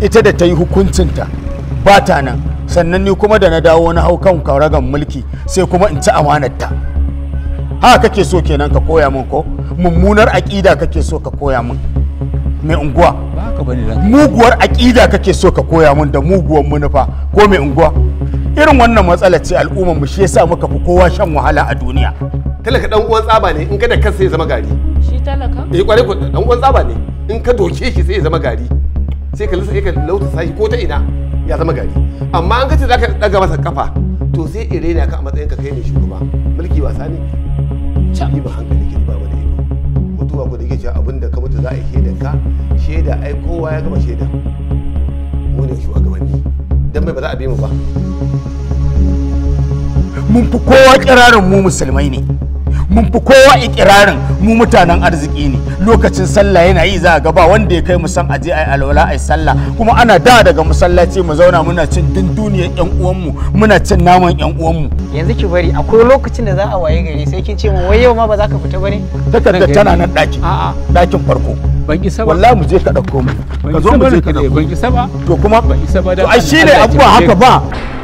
ita da ta yi hukuncinta ba ta nan sannan ni kuma da na dawo na hau kan karagan mulki sai kuma in ci amanarta ha kake so kenan ka koya min ko mummunar aƙida kake so ka koya min mai unguwa muguwar aƙida kake so ka koya min da muguwar munufa ko mai unguwa irin wannan matsala ce al'ummar mu shi yasa muka fi kowa shan wahala a duniya talaka dan uwan tsaba ne in ka da kansa ya zama gari shi talaka eh kware ko dan uwan tsaba ne in ka doke shi sai ya zama gari sai ka lissa ka lauta shi ko ta ina ya zama gari amma an gace zaka daga masa kafa to sai ire ne ka a matsayinka kai ne shugaba mulki wasa ne ki ba hankali ki ba wani ido mutuwa ko da yake cewa abinda ka mutu za a yi shaidan ka shaida ai kowa ya gama shaida mu ne shugabanni dan mai ba za a bi mu ba mun fi kowa kirarin mu musulmai ne mun fi kowa ikirarin mu mutanen arziki ne lokacin sallah yana yi za a gaba wanda ya kai mu san aje ai alwala ai sallah kuma ana da daga musallaci mu zauna muna cin dunduniyar yan uwanmu muna cin naman yan uwanmu yanzu ki bari akwai lokacin da za a waye gari sai kin ce mu wai yau ma ba za ka fita bane takarda tana nan daki dakin farko ban isa ba wallahi mu je ka dauko mu ka zo mu je ka dauko ban isa ba to kuma ban isa ba to ai shine abuwa haka ba